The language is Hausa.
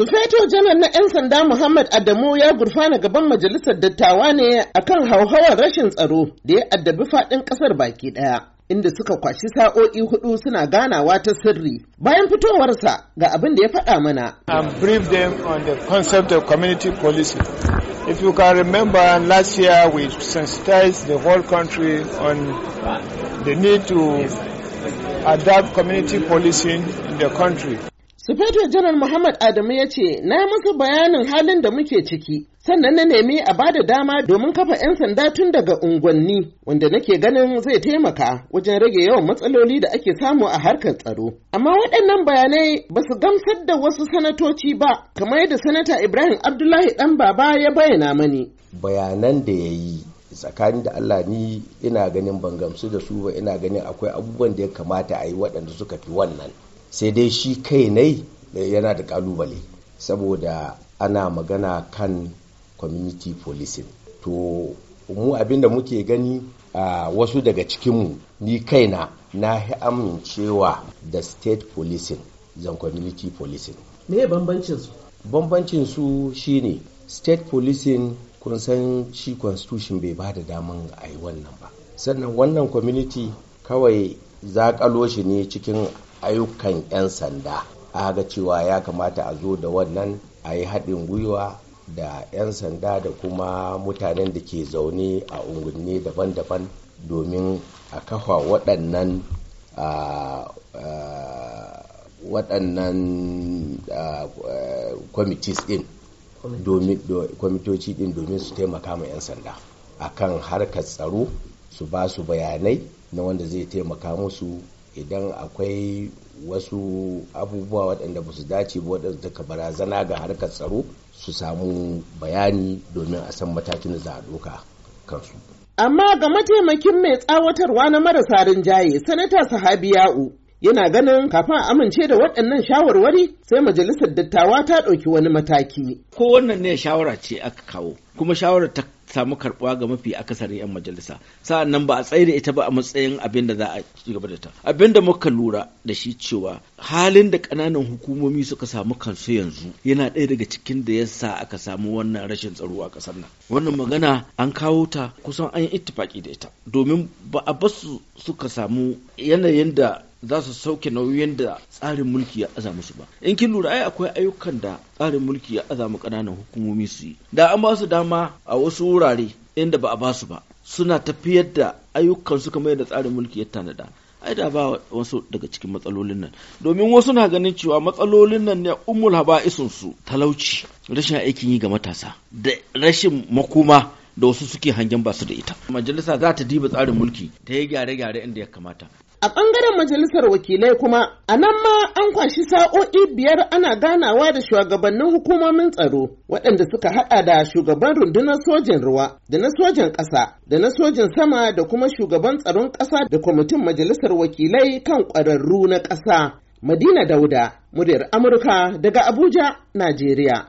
Sufeto janar na 'yan sanda Muhammad Adamu ya gurfana gaban majalisar dattawa ne akan hauhawar rashin tsaro da ya addabi faɗin ƙasar baki ɗaya. Inda suka kwashi sa'o'i hudu suna ganawa ta sirri bayan fitowarsa ga abin da ya faɗa mana. And brief them on the concept of community policy. If you can remember, last year we sensitized the whole country on the need to adapt community policy in the country. Sufeto Janar Muhammad Adamu ya ce, Na masa bayanin halin da muke ciki, sannan na nemi a ba da dama domin kafa 'yan sanda tun daga unguwanni, wanda nake ganin zai taimaka wajen rage yawan matsaloli da ake samu a harkar tsaro. Amma waɗannan bayanai ba su gamsar da wasu sanatoci ba, kamar yadda Sanata Ibrahim Abdullahi ɗan baba ya bayyana mani. Bayanan da ya yi tsakanin da Allah ni ina ganin ban gamsu da su ba ina ganin akwai abubuwan da ya kamata a yi waɗanda suka fi wannan. sai dai shi kai nai eh, yana da kalubale saboda ana magana kan community policing to mu abinda muke gani a wasu daga cikinmu ni kaina na fi amincewa da state policing zan community policing me ya bambancin su bambancin su shine state policing kun san shi constitution bai ba da daman a yi wannan ba sannan wannan community kawai zakalo shi ne cikin ayyukan 'yan sanda a ga cewa ya kamata a zo da wannan a yi haɗin gwiwa da 'yan sanda da kuma mutanen da ke zaune a unguwanni daban-daban domin a kafa waɗannan waɗannan kwamitis ɗin kwamitoci ɗin domin su taimaka ma 'yan sanda akan harkar tsaro su ba su bayanai na wanda zai taimaka musu idan akwai wasu abubuwa waɗanda ba su dace ba waɗanda suka barazana ga harkar tsaro su samu bayani domin a san matakin da za a ɗauka kansu. Amma ga mataimakin mai tsawatarwa na marasa rinjaye, Sanata Sahabiya'u yana ganin kafin a amince da waɗannan shawarwari sai majalisar dattawa ta ɗauki wani mataki. Ko wannan ne shawara ce aka kawo, kuma shawarar ta samu karbuwa ga mafi akasarin 'yan majalisa sa'an nan ba a tsaye ita ba a matsayin abin da za a ci gaba da ta abin da muka lura da shi cewa halin da ƙananan hukumomi suka samu kansu yanzu yana ɗaya daga cikin da ya sa aka samu wannan rashin tsaro a ƙasar nan wannan magana an kawo ta kusan an yi ittifaki da ita domin ba a basu suka samu yanayin da za su sauke nauyin da tsarin mulki ya aza musu ba in kin lura ai akwai ayyukan da tsarin mulki ya aza mu kananan hukumomi su yi da an ba su dama a wasu wurare inda ba a ba su ba suna tafiyar da ayyukan su kamar yadda tsarin mulki ya tanada ai da ba wasu daga cikin matsalolin nan domin wasu na ganin cewa matsalolin nan ne ummul haba'isun su talauci rashin aikin yi ga matasa da rashin makoma da wasu suke hangen basu da ita majalisa za ta diba tsarin mulki ta yi gyare-gyare inda ya kamata A ɓangaren majalisar wakilai kuma, a nan ma an kwashi sa'o'i biyar ana ganawa da shugabannin hukumomin tsaro waɗanda suka haɗa da shugaban rundunar sojin ruwa da na sojin ƙasa da na sojin sama da kuma shugaban tsaron ƙasa da kwamitin majalisar wakilai kan ƙwararru na ƙasa. Madina Dauda, muryar Amurka daga Abuja, Najeriya.